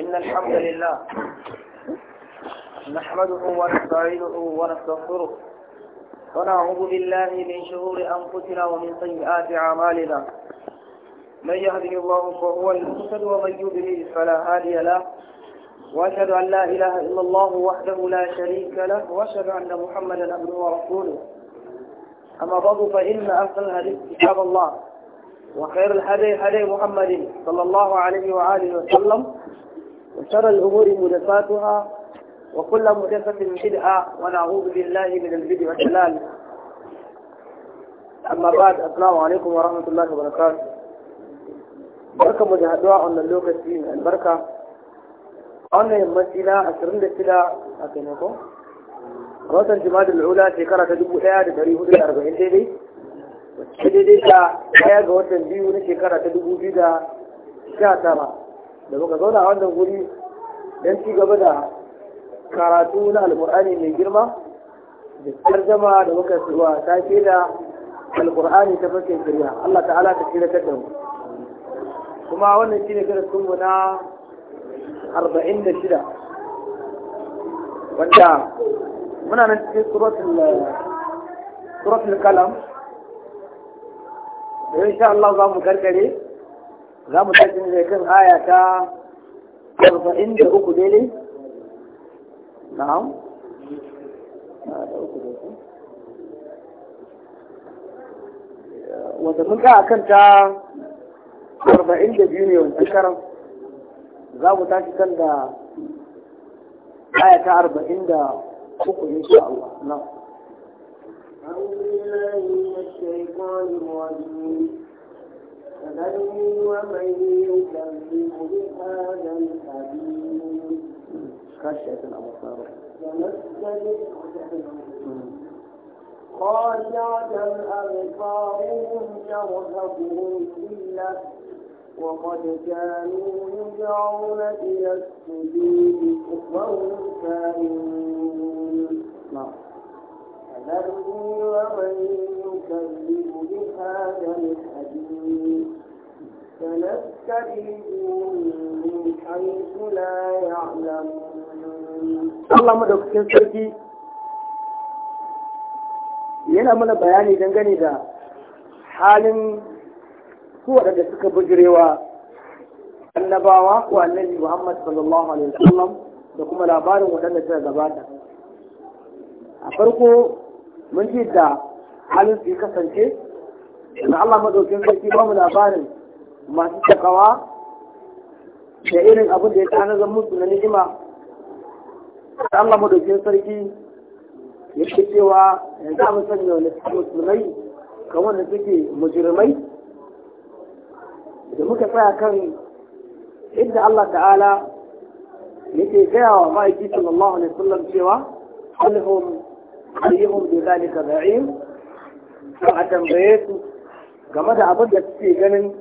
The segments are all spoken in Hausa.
إن الحمد لله نحمده ونستعينه ونستغفره ونعوذ بالله من شرور أنفسنا ومن سيئات أعمالنا من يهده الله فهو المهتد ومن يهده فلا هادي له وأشهد أن لا إله إلا الله وحده لا شريك له وأشهد أن محمدا عبده ورسوله أما بعد فإن أصل الحديث كتاب الله وخير الهدي هدي محمد صلى الله عليه وآله وسلم وشر الأمور مدفاتها وكل مدفة بدعة ونعوذ بالله من البدع والدلال أما بعد السلام عليكم ورحمة الله وبركاته بركة مجهدوا أن اللوكة فيه البركة أن يمثلنا أسرين لسلا أكينكم روتا جماد الأولى شكرا تجيب لها لتريه للأربعين ديلي وشكرا تجيب لها لتريه للأربعين ديلي وشكرا تجيب لها لتريه للأربعين ديلي da muka zauna a wannan guri don ci gaba da karatu na alkur'ani mai girma da tarjama da muka suwa ta ke da alkur'ani ta farkin shirya Allah ta'ala ta shirya da mu kuma wannan shi ne kada karatun mu na 46 wanda muna nan cikin suratul suratul kalam da sha Allah za mu karkare za mu tafi ne kan aya ta arba'in da uku daidai na'am wanda mun ka kan ta arba'in da biyu ne wancan karan za mu tashi kan da aya ta arba'in da uku Allah na'am أعوذ بالله من الشيطان الرجيم بل ومن يكذب بهذا الحديث خشية الأبصار خاشعة أبصارهم ترهقهم ذلة وقد كانوا يدعون إلى السجود وهم كارهون فذرني ومن يكذب بهذا الحديث حيث لا يعلمون الله yana mana bayani dangane da halin su waɗanda suka bujirewa annabawa ko annabi Muhammad sallallahu alaihi wasallam da kuma labarin waɗanda suka gabata a farko mun ji da halin su kasance da Allah madaukin sarki ba mu labarin masu takawa da irin abin da ya tanazar musu na ni'ima da Allah madaukin sarki ya ce cewa yanzu abin sanya wani musulmai kamar da suke mujirmai da muka tsaya kan inda Allah ta'ala yake gaya wa ma'aiki sallallahu alaihi wasallam cewa kullum ayyuhum bi zalika za'im to a tambaye su game da abin da suke ganin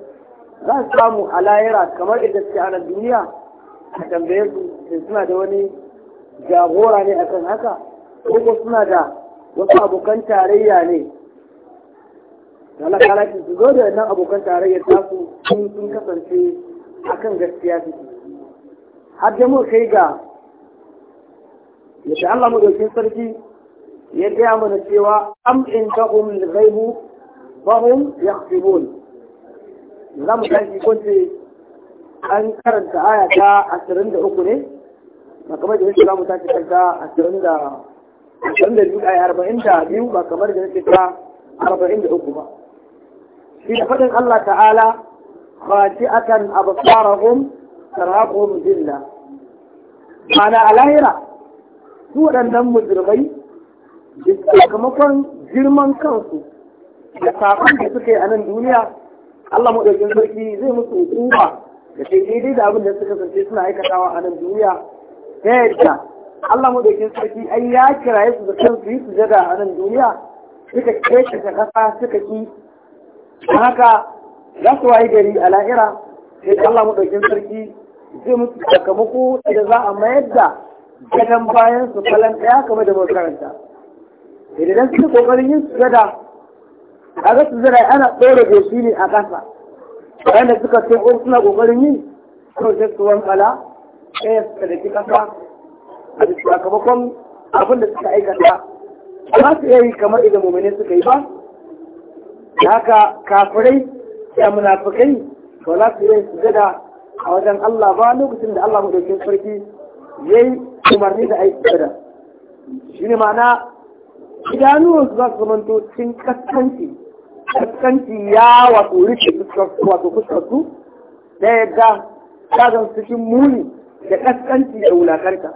za su samu a layira kamar idan suke a duniya a tambaye su suna da wani jagora ne akan haka ko suna da wasu abokan tarayya ne talakala su zo da nan abokan tarayya tasu sun kasance akan gaskiya su har da mu kai ga yadda Allah mu sarki ya gaya mana cewa am in ta'um al-ghaibu fahum Za mu tashi kunce an karanta aya ta uku ne ba kamar da yake zamu tashi kanta 20 da biyu 22 aya biyu ba kamar da yake ta arba'in da uku ba shi da faɗin Allah ta'ala khati'atan sarakun tarhaquhum zilla ana alahira su waɗannan mujrimai sakamakon girman kansu da sakon da suka yi a nan duniya Allah maɗaukin sarki zai musu hukuma da sai daidai da abin da suka kasance suna aikatawa a nan duniya ta yadda Allah maɗaukin sarki ai ya kiraye su da kansu yi su jaga a nan duniya suka kece ta kasa suka ki haka za su wayi gari a la'ira sai Allah maɗaukin sarki zai musu sakamako da za a mayar da gadon bayan su falan ɗaya kamar da makaranta. idan suke kokarin yin sujada a ga sujada ana da shi ne a ƙasa wanda suka ce ko suna kokarin yin kawai sai su wankala sai ya suka daki kasa a sakamakon abin da suka aikata ba su iya yi kamar idan mummune suka yi ba da haka kafirai da munafikai ba za su iya sujada a wajen Allah ba lokacin da Allah mu ɗauke sarki yayi umarni da aiki sujada shi ne ma'ana idanuwarsu za su zamanto cikin kaskanci kaskanci ya wato rike fuskarsu wato fuskarsu da ya ga kazan cikin muni da kaskanci da wulakarta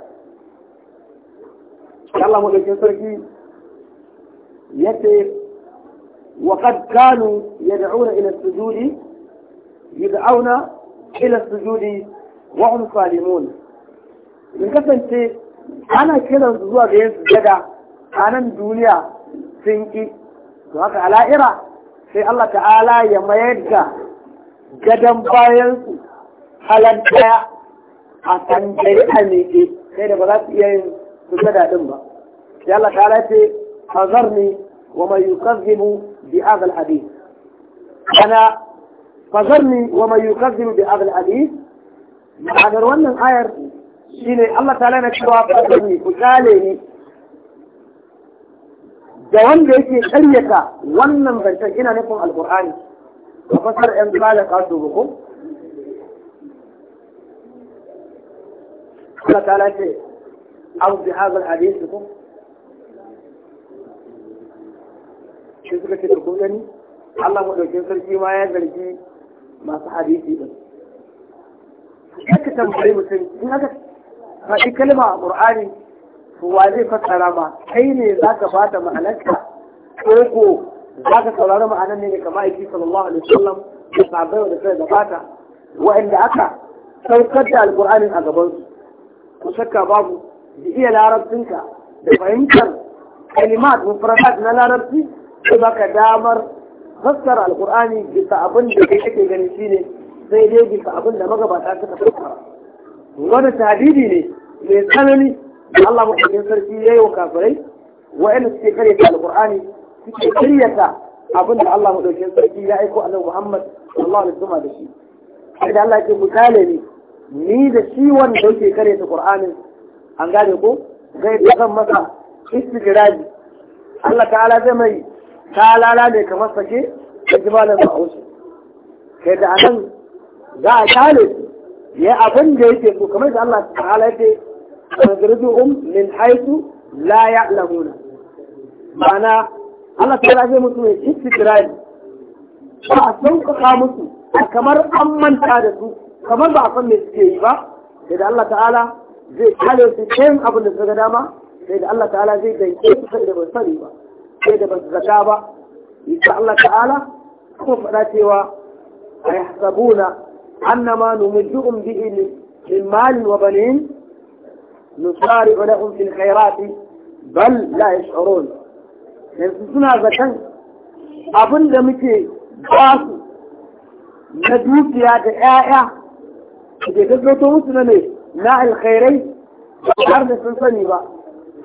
Allah madaukin sarki ya ce wa kad kanu ya da auna ila su juri ya da auna ila su sujudi wa'un salimun in kasance ana kiran zuwa da yin sujada a nan duniya sun ƙi to haka a la'ira sai Allah ta'ala ya mayar da gadon bayansu halar daya a jari'a a miƙe sai da ba za su iya yin ga daɗin ba sai Allah ta'ala ce ne wa mai yukazzibu bi hadha adi? hadith ana ne wa mai yukazzibu bi azal al ma'anar wannan ayar shine Allah ta'ala na cewa fazarni ku kale ni da wanda yake karyata wannan zancen ina nufin alkur'ani da fasar yan tsala kasu ko Allah ta'ala ce abu bi hazal hadisi ko shi suka ce ko gani Allah madaukin sarki ma ya zargi masu hadisi din haka tambayi mutum in haka faɗi kalma a ƙur'ani to wa zai fassara rama? kai ne za ka bada ma'anarka ko ko za ka saurari ma'anar ne ga ma'aiki sallallahu alaihi wasallam da sabai da da gabata wa'anda aka saukar da alkur'anin a gabansu ku shakka babu da iya larabcinka da fahimtar kalimat mufradat na larabci sai baka damar fassara alkur'ani bisa abin da kai kake gani shine sai dai bisa abin da magabata suka fassara wani tadidi ne mai tsanani Allah mutum sarki ya yi wa kafirai wa'yanda suke karyata alƙur'ani suke karyata abin da Allah mutum sarki ya aiko annabi Muhammad sallallahu alaihi wasallam da shi sai da Allah ke misali ne ni da shi wanda yake karyata Qur'anin an gane ko zai ta zan masa istidraji Allah ta'ala zai mai talala ne kamar sake da jibalin ma'aushi kai da anan za a kale ya abin da yake ko kamar da Allah ta'ala yake tagriduhum min haitu la ya'lamuna ma'ana Allah ta lafiya musu mai istikrari ba a sauƙaƙa musu a kamar an manta da su kamar ba a san me suke yi ba sai da Allah ta'ala zai kare su ɗayan abin da suka ga dama sai da Allah ta'ala zai danke su sai da ba sani ba sai da ba su zaka ba insha Allah ta'ala kuma faɗa cewa a yahsabuna annama numujjuhum bihi min malin wa banin نصارع لهم في الخيرات بل لا يشعرون ينسسنا زكاً أبن دمكي باس ندوك يا دعائع كي تزلطوا مسلمي ناع الخيري بحرد سنصنبا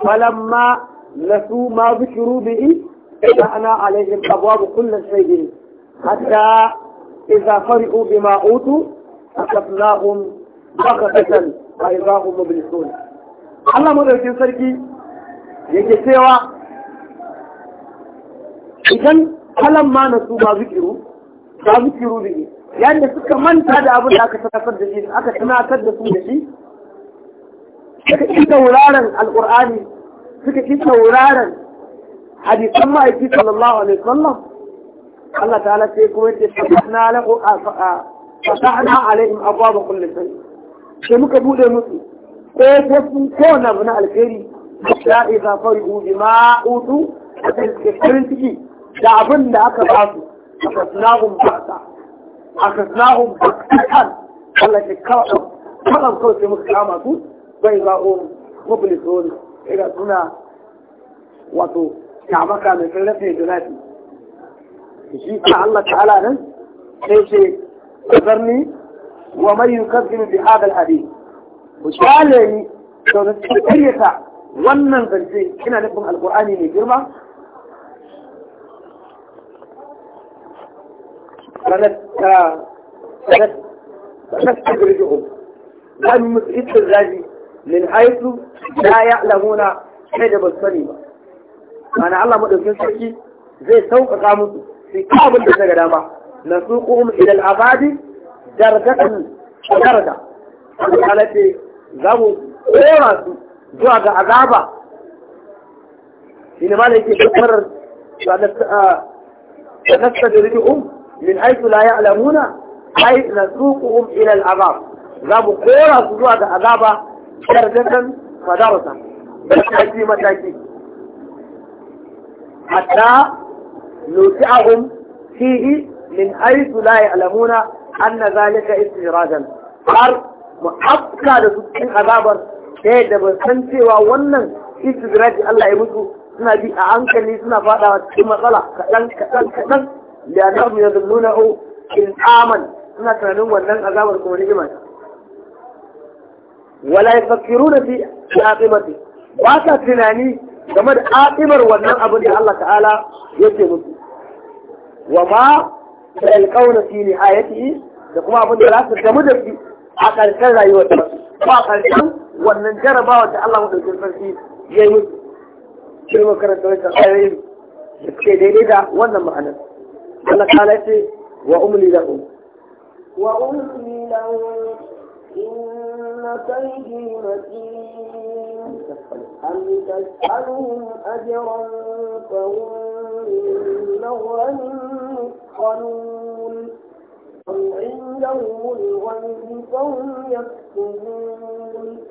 فلما نسوا ما ذكروا به فأنا عليهم أبواب كل شيء حتى إذا فرئوا بما أوتوا أكفناهم بغتة فإذا هم مبلسون Allah madaukin sarki yake cewa idan kalan ma na su ba zikiru ba zikiru ne yadda suka manta da abin da aka tunatar da shi aka tunatar da su da shi suka ƙi tauraron alƙur'ani suka ƙi tauraron hadisan ma'aiki sallallahu alaihi wasallam Allah ta'ala sai kuma yace fatahna lahu fatahna alaihim abwaaba kulli shay sai muka bude musu ko ta su ko na na alkhairi ya isa fari'u bima utu a cikin ciki da abin da aka ba su a kasnahun bakta a kasnahun baktatan Allah ke kawo kalan kawai sai muka kama su bai za o mublisun ina suna wato kamaka mai da junati shi ta Allah ta'ala nan sai ce kazarni wa mai yukazzimu bi hadal hadith Kwalayi, sauran cikin ƙaryata wannan zance ina nufin alƙur'ani mai girma? Sanat ta sanat ta zafi min haitu ya yi alamuna sai da basmani ba. Mana Allah maɗaukin sarki zai sauƙaƙa musu su ta abin da daga dama. Na su ƙo'um idan abadi dargaɗin shagarga. Wanda ta za mu kora su zuwa ga azaba shi ne ma da yake kamar sanastadrijuhum min haythu la ya'lamuna ay nasuquhum ila al-azab za mu kora su zuwa ga azaba dardatan madarasa mataki mataki hatta nuti'ahum fihi min haythu la ya'lamuna anna zalika istirajan har mu afka da su cikin azabar ta yadda ba san cewa wannan istidraji Allah ya mutu suna bi a hankali suna fadawa cikin matsala kaɗan kaɗan kaɗan da na nahu ya zalluna o oh, in aman suna tunanin wannan azabar kuma ni'ima wala yafakkiruna fi aqibati ba sa tunani game da aqibar wannan abin da Allah ta'ala yake musu wa ma ta alƙauna fi nihayati da kuma abin da za su gamu da shi a ƙarshen rayuwarta ko a ƙarshen wannan jarabawa da Allah maɗaukin sarki ya yi musu shi ne karanta wancan ayoyin da suke daidai da wannan ma'anar Allah ta lafi wa da lahum wa umli lahum inna kaydi matin am tas'aluhum ajran fa hum min nawran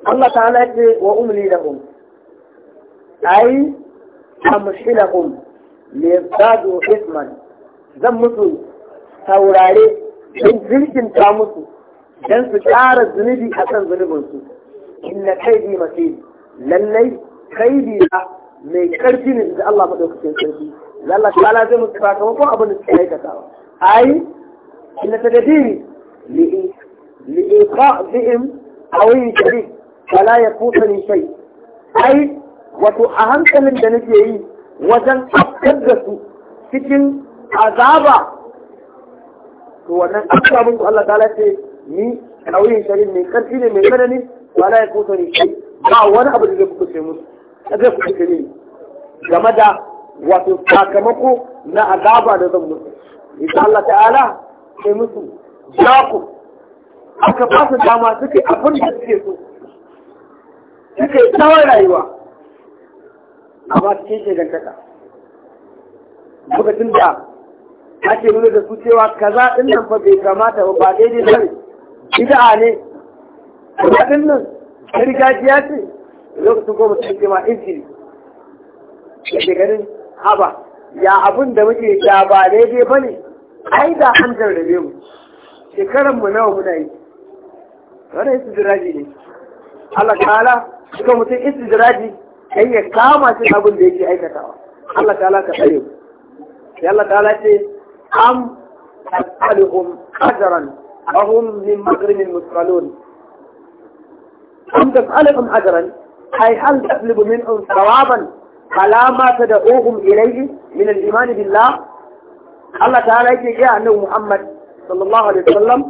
Allah ta'ala ce wa umli lahum ai amshilahum li yazdadu isman zan mutu saurare don jirginta musu don su ƙara zunubi a kan zunubinsu inna kaidi masir lallai kaidi na mai ƙarfi ne da Allah maɗaukacin sarki lalla ta'ala zai musu sakamakon abin da suke aikatawa ai ان تجدين لإلقاء بهم قوي كبير فلا يفوتني شيء اي وتحهمت من دنجي وزن اكتبت سكن عذابا هو ان اكتبت الله تعالى ني قوي كبير من كرسين من كرسين ولا يفوتني شيء ما هو انا ابدا لك كسيموس اجل كسيموس جمدا وتساكمكو نعذابا لذنبه ان شاء الله تعالى ke musu jaku aka ba su dama suke? abin da suke so suke tsawon rayuwa amma cikin shegantaka lokacin da ake nuna da su cewa kaza din nan fa bai kamata ba ba daidai ba ne a ne ba din nan gargajiya ce lokacin goma sun ce ma injini da ganin haba ya abin da muke ya ba daidai ba ne ai da an jarrabe mu shekaran mu nawa muna yi wannan istidraji ne Allah ta'ala suka mutum istidraji kai ya kama shi abin da yake aikatawa Allah ta'ala ka tsare mu sai Allah ta'ala ce am as'aluhum ajran wa hum min maghrimin musqalun am tas'aluhum ajran ai hal taqlibu minhum thawaban ala ma tad'uhum ilayhi min al-iman billah Allah ta'ala yake ga annabi Muhammad sallallahu alaihi wasallam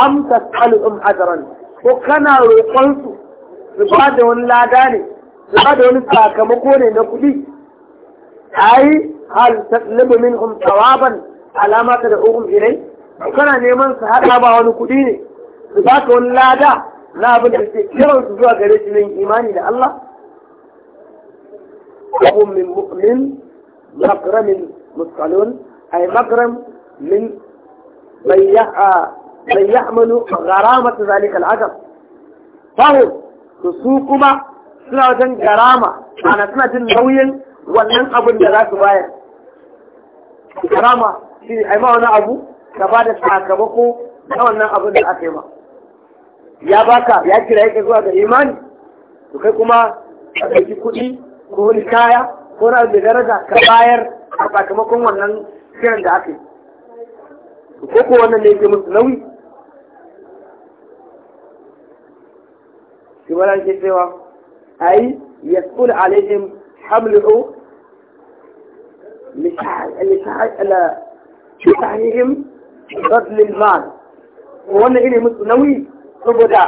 am tas'aluhum ajran ko kana roƙon su su ba da wani lada ne su ba da wani sakamako ne na kuɗi ai hal taslimu minhum thawaban alama ta da irai ilai kana neman su hada ba wani kuɗi ne su ba ka wani lada na abin da ke kiran su zuwa gare shi imani da Allah وهم min mu'min makaramin muskalon. أي مغرم من من من يحمل غرامة ذلك العجب فهم تسوقما suna wajen garama ana suna jin nauyin wannan abin da za su bayar garama shi ne aima wani abu ka ba sakamako na wannan abin da aka yi ya baka ya kira yake zuwa ga imani to kai kuma ka ɗauki kuɗi ko wani kaya ko na da daraja ka bayar a sakamakon wannan kiran da aka yi ko ko wannan ne yake musu nauyi shi ba ke cewa ai yasqul alaihim hamluhu لشعرهم رجل المال wannan ne musu nauyi saboda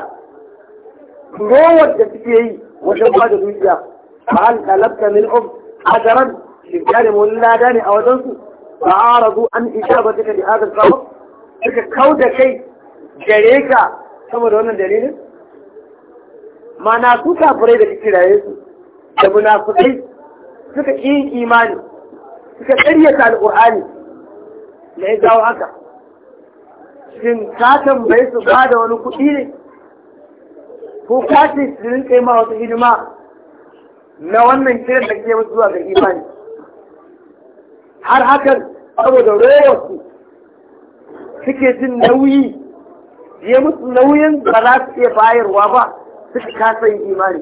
rowar da suke yi wajen ba da dukiya ba hal talabta min um ajaran shi kare mun lada ne a wajen su ba أن إجابتك لهذا القول suka kauda kai gare ka saboda wannan dalilin mana su kafirai da kiraye su da munafukai suka ƙi imani suka ƙaryata al'ur'ani da ya jawo haka shin ka tambaye su bada da wani kuɗi ne ko ka su rinka yi hidima na wannan kiran da ke musu zuwa ga imani har hakan saboda rowarsu suke jin nauyi je musu nauyin ba za su iya bayarwa ba suka kasa yin imani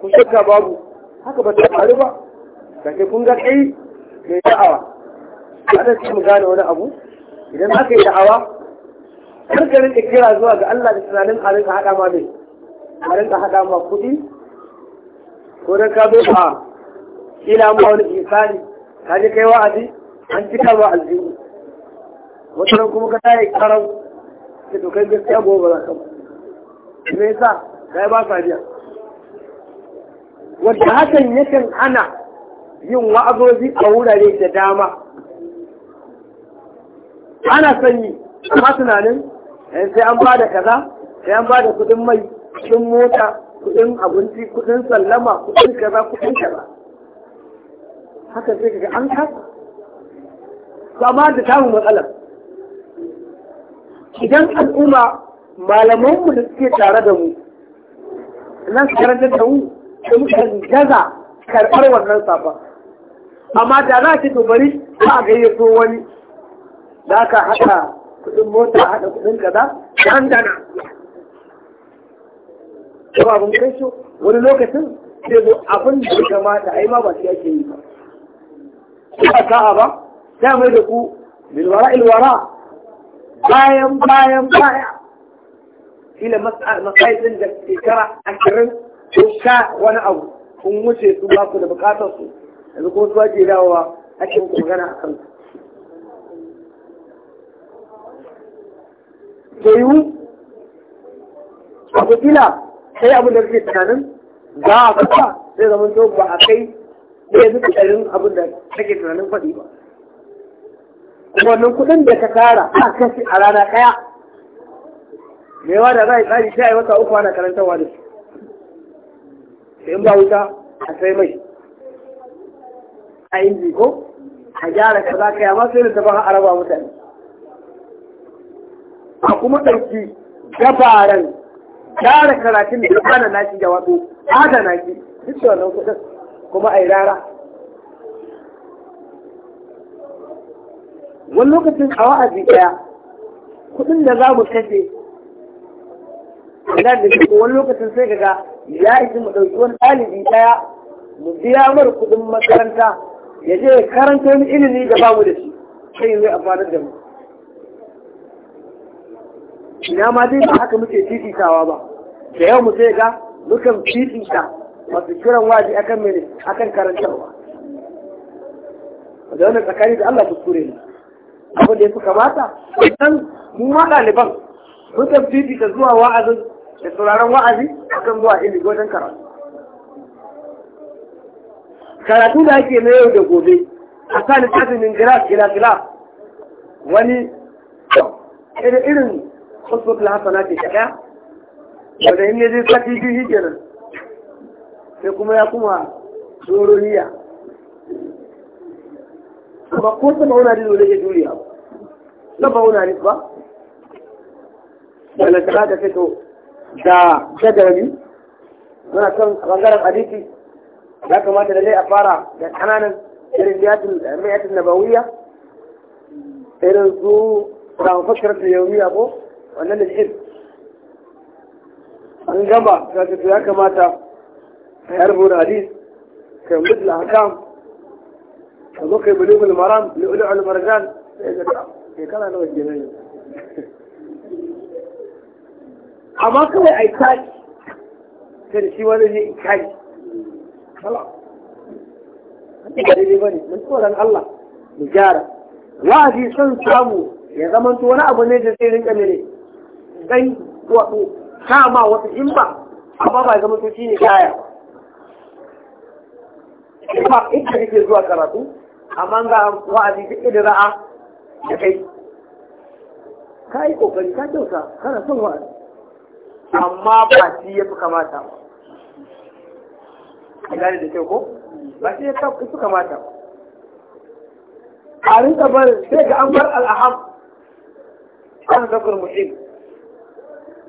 kun shakka babu haka ba ta faru ba da ke kun ga kai mai da'awa ana sai mu gane wani abu idan aka yi da'awa kar ka rinka kira zuwa ga Allah da tunanin a rinka haɗa ma mai a rinka haɗa ma kuɗi ko da ka bai ba ila ma wani isani ka je kai wa'azi an cika wa aljihu wata kuma ka yi karau ka to kai gaskiya gobe za ka me yasa kai ba ka biya wanda hakan yakan ana yin wa'azozi a wurare da dama ana sanyi amma tunanin eh, sai an bada kaza sai an bada kudin mai kudin mota kudin abinci kudin sallama kudin kaza kudin kaza haka zai ga an ka to amma da tamu matsalar idan al'umma malamanmu da suke tare da mu nan su karanta da mu da mukan gaza karɓar wannan safa amma da za ki to bari ba a gayyato wani da aka haɗa kuɗin mota haɗa kuɗin kaza an dana kuma abin kai wani lokacin sai zo abin da ya kamata ai ma ba shi yake yi ba ba ka'a ba ta mai da ku bilwara ilwara bayan bayan baya kila matsayin da shekara ashirin ko sha wani abu kun wuce su ba ku da bukatar su yanzu kuma su ake dawowa ake magana a kansu da a kila sai abu da suke tunanin za a fata sai zama to ba a kai da ya zuka ɗarin abin da kake tunanin faɗi ba kuma wannan kuɗin da ka tara a kashi a rana ɗaya mai yawa da za a tsari sai a yi wata uku ana karantarwa da su sai in ba wuta a sai mai a inji ko a gyara ka za ka yi sai da tafi a raba mutane a kuma ɗauki gabaran gyara karatun da ya na nashi da wato adana shi duk da wannan kuɗin kuma a yi rara wani lokacin a wa'azi ɗaya kuɗin da za mu kashe ina da shi wani lokacin sai ga ya isi mu ɗauki wani ɗalibi ɗaya mu biya mar kuɗin makaranta ya je karanta wani ilimi da ba mu da shi sai zai amfanar da mu ina ma dai ba haka muke fifitawa ba da yau mu sai ga mukan ta wato kiran waji akan mene akan karantarwa da wannan tsakani da Allah kuskure ne abin da ya fi kamata idan mu ma ɗaliban mun tafi ta zuwa wa'azin da sauraron wa'azi akan zuwa ilimi wajen karatu karatu da ake na yau da gobe a sani littafin min gira gira gira wani irin irin usbuk la hasana ke kada wanda in ne zai sati biyu kenan sai kuma ya kuma tsoroniya ba ko sama wani da zai juriya ba sama ne ba wanda ta ka fito da jadawali muna kan bangaren aliki. ya kamata da zai a fara da kananan irin na bawuya irin su ran fakirar da miya ko wannan da shi an gaba ya kamata يعرفوا الحديث كمثل الأحكام فذوق بلوغ المرام لؤلؤ المرجان كان أنا والجميع أما كل أي تاج كان شي ولا شيء تاج خلاص من قول الله مجارة وهذه سن سامو ya zamanto wani abu ne da zai rinka mene dan wato kama wata himma amma ba zamanto shi ne ba inda kake zuwa karatu amma ga wa'azi duk idra'a da kai ka yi kokari ka kyauta kana son wa'azi amma ba shi ya fi kamata ba gane da kyau ko ba shi ya fi kamata ba a rinka bar sai ga an bar al'aham an zakar muhim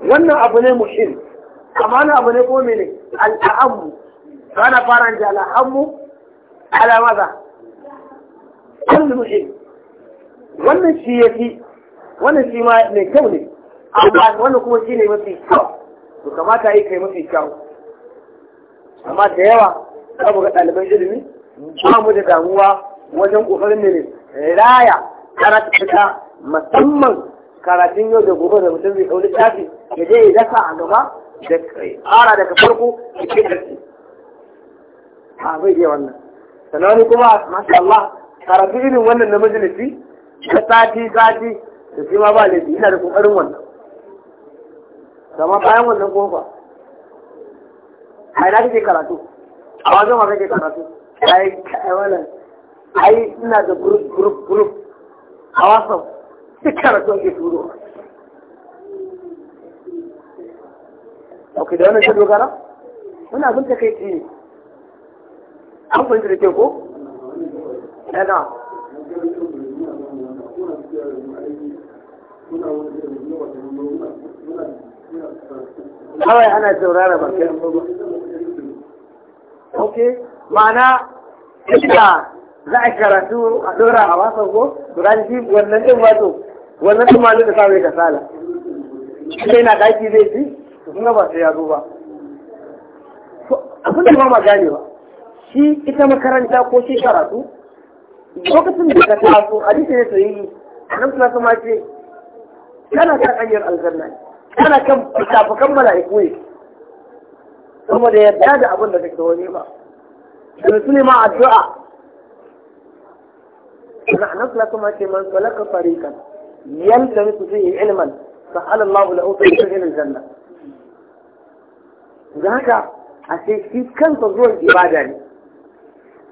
wannan abu ne mushin? amma na abu ne ko mene al'ahammu rana fara ji al'ahammu ala maza kullum ilm wannan shi ya fi wannan shi ma mai kyau ne amma wannan kuma shi ne mafi kyau to kamata yi kai mafi kyau amma da yawa za ga ɗaliban ilimi ba mu da damuwa wajen ƙoƙarin ne raya karatuka musamman karatun yau da gobe da mutum zai kauli tafi da zai dasa a gaba da ƙara daga farko da ke ƙarfi a bai iya wannan sanani kuma masha Allah karatu irin wannan na majalisi Da sati sati da shi ma ba laifi ina da kokarin wannan zama bayan wannan kofa a ina kake karatu a wajen ma kake karatu ai kai wannan ai ina da group group group a wasan duk karatu ake turo ok da wannan shi dogara wannan abin takaici ne an fahimta da ke ko yana eh, kawai ana saurara ba kai ok ma'ana inda za a karatu a dora a wasan ko ranji wannan din wato wannan din malu da sabai kasala sai na daki zai ci kuma ba sai ya zo ba abin da ma magani ba shi ita makaranta ko shi karatu lokacin da ka taso hadisi ne sahihi annabi nan suna wasallam ce kana kan hanyar aljanna kana kan fitafukan mala'iku ne da yadda da abin da kake wani ba da su ne ma addu'a A nan sallallahu alaihi ce man salaka su zai yi ilman sa'ala Allahu yi min aljanna Da haka a sai shi kansa zuwan ibada ne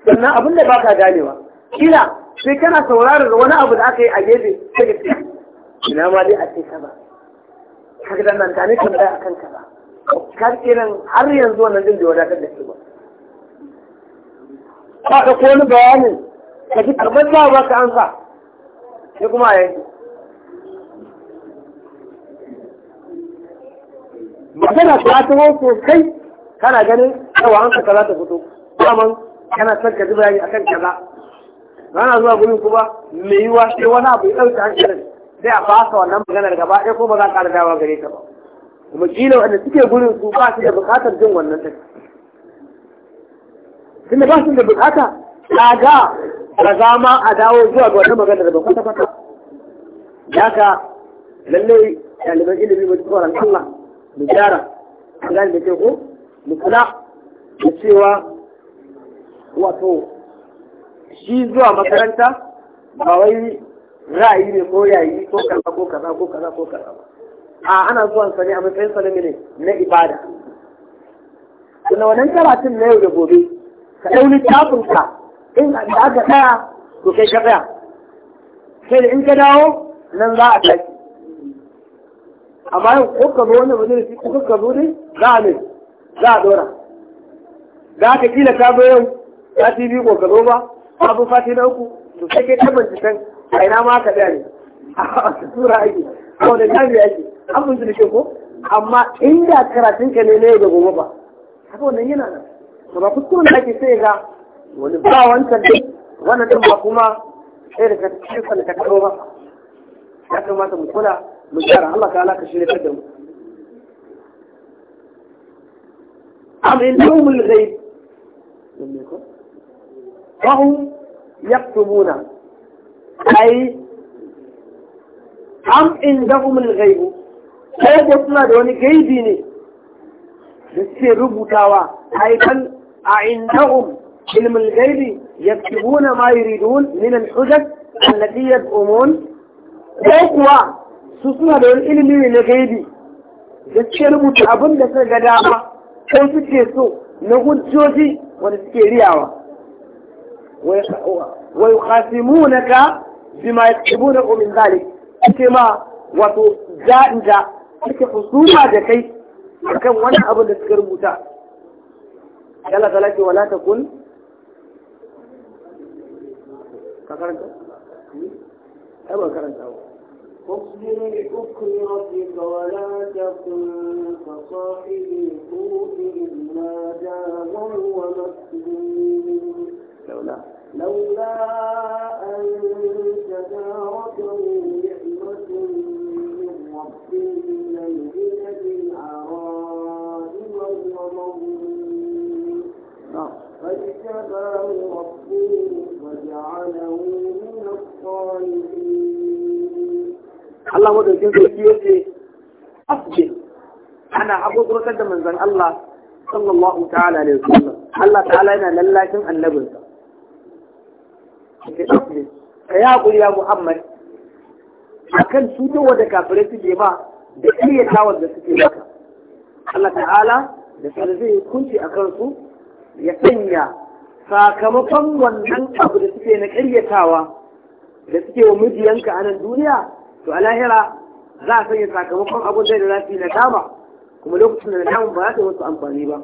sannan abin da baka ganewa kila sai kana da wani abu da aka yi a gefe ta gaske ina ma dai a ce ka ba ka dan nan tane tambaya akan ka ba ke nan har yanzu wannan din da wadatar da shi ba ba ka ko wani bayani. ka ji karɓar za ba ka ansa sai kuma a yanki magana ta ta sosai kana ganin yawa an ka za ta fito daman kana son ka ji a kan kaza rana zuwa gurin ba mai yiwa sai wani abu ya ɗauke hankalin sai a fasa wannan maganar gaba ɗaya ko ba za a ƙara dawa gare ka ba kuma kila wanda suke gurin su ba su da buƙatar jin wannan ɗin tunda ba su da buƙata kaga ba za ma a dawo zuwa ga wannan maganar ba kwata kwata daga lallai ɗaliban ilimi mai tsoron Allah mu gyara an gane da ke ko mu kula da cewa wato shi zuwa makaranta ba wai ra'ayi ne ko yayi ko kaza ko kaza ko kaza ko kaza ba a ana zuwan sa ne a matsayin sa ne na ibada kuma wannan karatun na yau da gobe ka dau littafin ka in da aka tsaya to kai ka tsaya sai da in ka dawo nan za a tashi amma yau ko ka zo wani majalisi ko ka zo ne? za a ne za a dora Za ka kila ka zo yau sati biyu ko gano ba abu fati na uku to sai kai ji san, a ina ma ka tsaya a tura ake a wani jami ake an mun zuri ko amma inda karatun ka ne na yau da gobe ba haka wannan yana nan to ba kuskuren da ake sai ga wani ba wancan din wannan din ba kuma sai da ka tsaya da ka tsaro ba ya kamata mu kula mu gyara Allah ka alaka shi ne da mu am indahum al-ghaib وهم يكتبون أي أم عندهم الغيب sai da suna da wani gaibi ne da suke rubutawa haifan a indahum ilmin gaibi يكتبون ما يريدون من الحجج التي يدعمون وقوى سسنا دون ilimi na gaibi da suke rubuta abin da suka ga dama ko suke so na hujjoji wanda suke riyawa ويقاسمونك بما يكتبونه من ذلك كما وتجانجا كيف هذا جكي كم وانا أبو نذكر موتا يلا ثلاثة ولا تكون كارنتا أبو كارنتا أصبر لحكم ربك ولا تكن كصاحب القوت إذ نادى وهو مكذوب لولا لولا أن تداركه نعمة من ربه لنزل بالعراء والمضمون نعم. فاجتباه ربه وجعله من الصالحين الله مدركين في أصبر أنا أبو بركة من الله صلى الله تعالى عليه وسلم Allah ta'ala yana lallashin annabinsa bi ka ya hakuri ya muhammad akan cutar da kafirai suke ba da ƙaryatawar da suke maka Allah ta'ala da Sani zai kunci a kansu ya sanya sakamakon wannan abu da suke na ƙaryatawa da suke wa mijiyanka a nan duniya to a lahira za a sanya sakamakon abin da za su yi dama, kuma lokacin da na nadamun ba za ta wasu amfani ba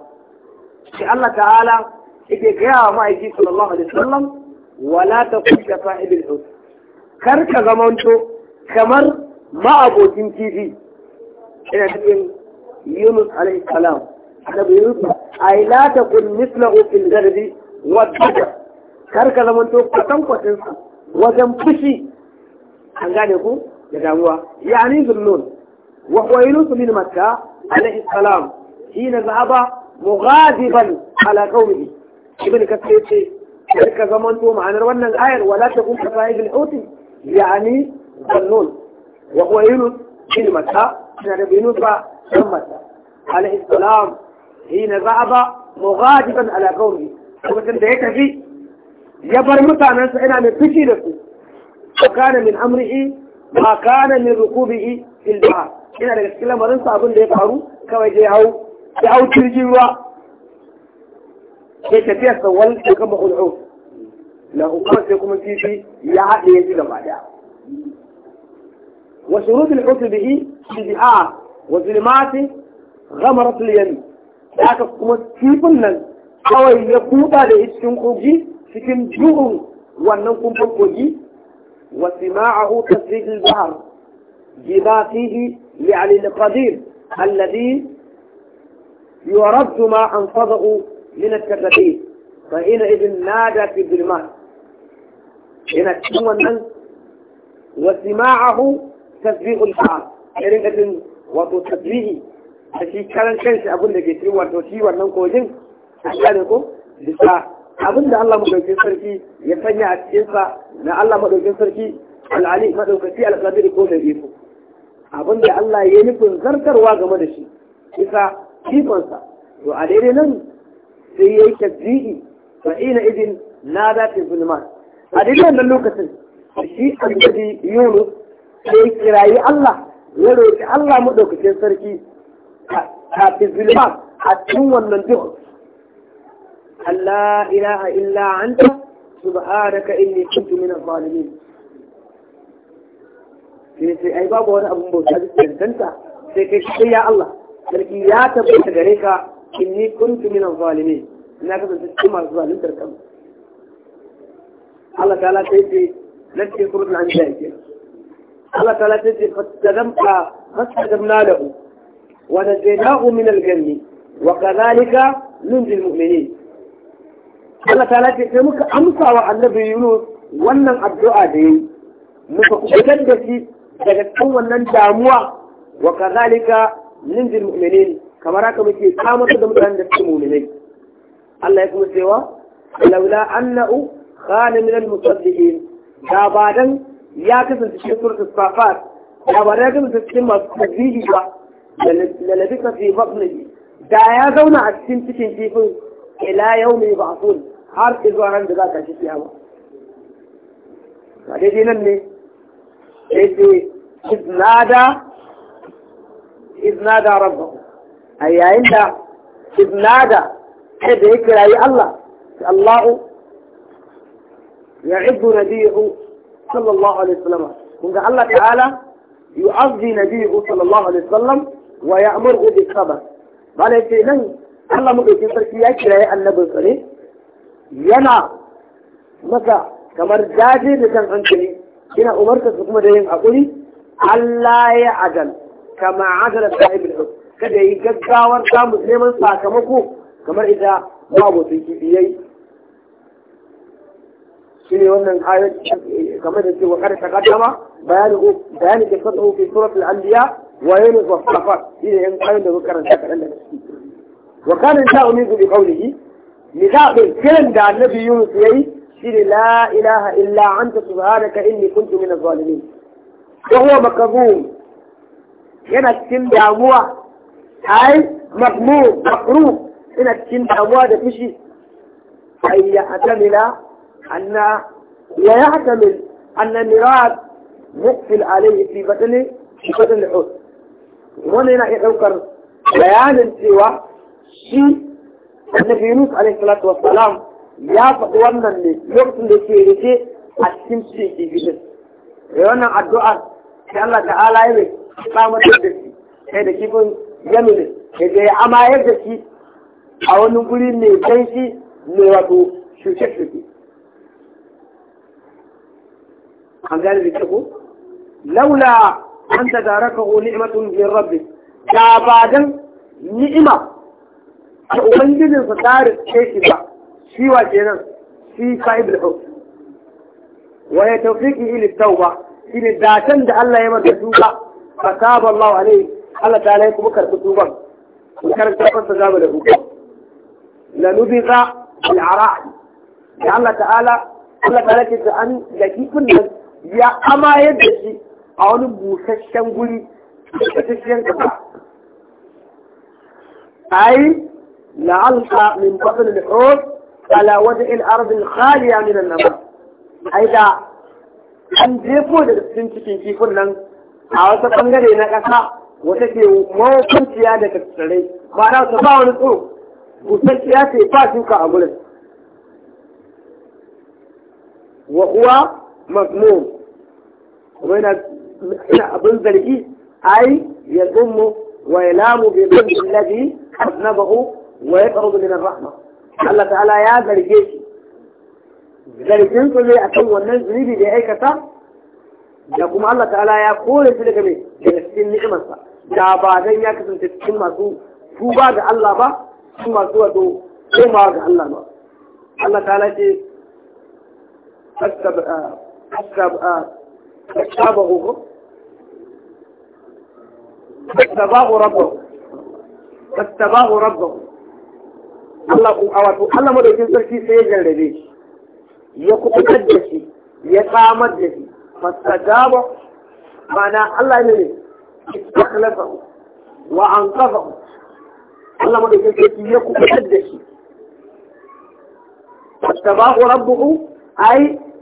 sai Allah ta'ala yake gaya wa ma'aiki sallallahu alaihi wasallam wala ta kuka sa'ibin hus kar ka zamanto kamar ma'abokin kifi ina cikin yunus Alayhi salam annabi yunus ay la kun mislahu fil gardi wa dhaka kar ka zamanto kwatan kwatin wajen fushi an gane ku da damuwa yani zunnun wa huwa yunus min makka Alayhi salam hina zahaba mughadiban ala qaumihi ibn kasir ce ذلك زمان توم عن رونا الآير ولا تكون كفائد الحوت يعني ظنون وهو يلوت كلمة من ربي نوفا عليه السلام حين ذهب مغاجبا على قومه ولكن ذلك في يبر متى ناس انا من فشي لكم وكان من امره ما كان من ركوبه في البحر انا لك السلام ورنسى اظن ذلك عرو كما يجيهو يهو ترجيوا كيف تتيه سوال وكما قل وشروط الحس به في شجاع وظلمات غمرت اليمين لا تقوم كيفنا أو يقوط عليه الشنقوجي سكن جوهم وأنكم تقوجي وسماعه تسريق البحر جباقيه لعلي القدير الذي يرد ما أنفضه من الكتبين فإنئذ نادى في الظلمات yana cikin wannan wasima'ahu sima'ahu tasbihul fa'a irin kadin wato tasbihi da shi karan kanshi abin da ke cikin wato shi wannan kogin a gane ko bisa abin da Allah madaukakin sarki ya sanya a cikin sa na Allah madaukakin sarki al-ali madaukaki al-qadir ko da iko abin da Allah ya nufin zartarwa game da shi bisa kifansa to a daidai nan sai yi tasbihi fa ina idin nada fi zulmat a duk wannan lokacin shi annabi Yunus sai kirayi Allah ya roƙi Allah maɗaukacin sarki a fizilma a cikin wannan duhu Allah ilaha illa anta subhanaka inni kuntu min az-zalimin sai sai ai babu wani abun bauta da tantanta sai kai shi ya Allah sarki ya tabbata gare ka inni kuntu min az-zalimin ina kasance cikin masu zaluntar kanmu Allah ta'ala ta ce nan cikin surutun an jaya ke Allah ta'ala ta ce fastadamta fastadamna lahu wa najaynahu na al-ganni wa kadhalika nunji al-mu'minin Allah ta'ala ce sai muka amsa wa annabi Yunus wannan addu'a da yayi muka kubutar da shi daga kan wannan damuwa wa kadhalika nunji al-mu'minin kamar haka muke kamar da mutanen da suke mu'minai Allah ya kuma cewa laula anna'u kana min al-musaddiqin da ba dan ya kasance cikin surtul safat da ba ya kasance cikin masu tasbihi ba da labisa fi batnihi da ya zauna a cikin cikin kifin ila yawmi ba'thun har zuwa ran da za ka shi kiyama ba daidai nan ne sai ce iznada iznada rabbahu a yayin da iznada sai da ya kirayi Allah Allahu يعب نبيه صلى الله عليه وسلم من الله تعالى يعظي نبيه صلى الله عليه وسلم ويأمره بالصبر قال في الله مدوكين sarki ya kiraye annabinsa ne yana masa kamar jaje da kan hankali ina umarta su kuma da yin haƙuri Allah ya adal kama adala sahib al kada yi gaggawar samun neman sakamako kamar ita babu في wannan ayat kamar da cewa kada ta kaddama bayani bayani da fadu fi surat al-anbiya wa yana wasafat idan yan ayoyin da muka karanta kadan da ciki wa kana ta umizu bi qawlihi nidabin kiran da annabi Yunus yayi shine la ilaha illa anta subhanaka inni kuntu min adh-dhalimin wa huwa makabum yana cikin damuwa ai maqmum maqrub ina cikin damuwa da fushi ay ya atamila أن ويحتمل أن الميراث مقفل عليه في بدل في بدل الحوت wani yana iya ɗaukar bayanin cewa shi annabi Yunus alaihi salatu wassalam ya faɗi wannan ne lokacin da ke rike a cikin cikin kifitin da wannan addu'a sai Allah ta'ala ya mai samar da da kifin yamini sai da ya amayar da shi a wani guri mai kanshi mai wato shuke-shuke an gane da ko? laula an ta ka ko ni'matun min rabbi da ba dan ni'ima a ubangijin sa tsari ce shi ba shi wa nan? shi sa'ib da hau wa ya tawfiki ila tauba shi ne datan da Allah ya mata tuba fa saba Allah alaihi Allah ta alaihi kuma karfi tuban ku karanta kansa zaba da hukum la nubiqa al-ara'i da Allah ta'ala Allah ta'ala ce an da kifin nan ya amayar da shi a wani busasshen guri da tafiyar kasa ai la'alka min batn al-hud ala wajh al-ard al-khaliya min an-nabat ai da an jefo da cikin cikin kifin nan a wata bangare na kasa wata ke mawakunciya da tattarai ba na wata ba wani tsoro busasshiya ce ba shuka a gurin wa kuwa مذموم وهنا هنا أبن ذلك أي يذم ويلام بذنب الذي أذنبه ويقرب من الرحمة الله تعالى يا ذلك zargin su ne a kan wannan zunubi da ya aikata da kuma Allah ta'ala ya kore su daga mai daga cikin ni'imarsa da ba dan ya kasance cikin masu tuba ga Allah ba cikin masu wato komawa ga Allah ba Allah ta'ala ce تشابهه فاتباه ربه فاتباه ربه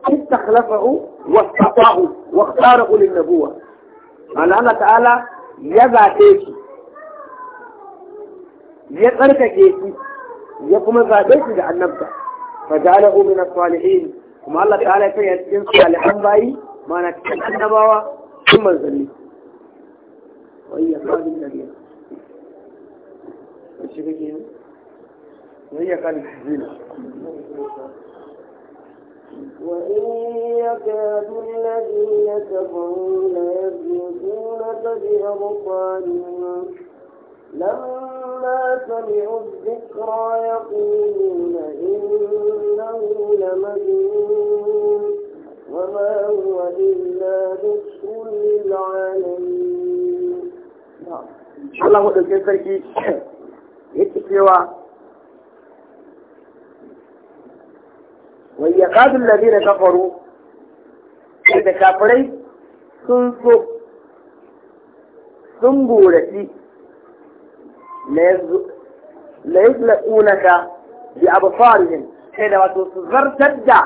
استخلفه واستطاعه واختاره للنبوة قال الله تعالى يزعتيك يتركك يقوم عن لأنبتا فجعله من الصالحين وما الله تعالى في يتكين صالحان باي ما نتكين النبوة ثم الزلي وهي قادم نبيا الشيء كيف وهي قادم حزينة وإن يكاد الذين كفروا ليزلقونك بأبصارهم لما سمعوا الذكرى يقولون إنه لمجنون وما هو إلا ذكر للعالمين. نعم. الله مدركين سركي yake cewa wa yaqadu alladhina kafaru da kafirai sun so sun buraci la yutlaqunaka bi absarihim sai da wato su zartar da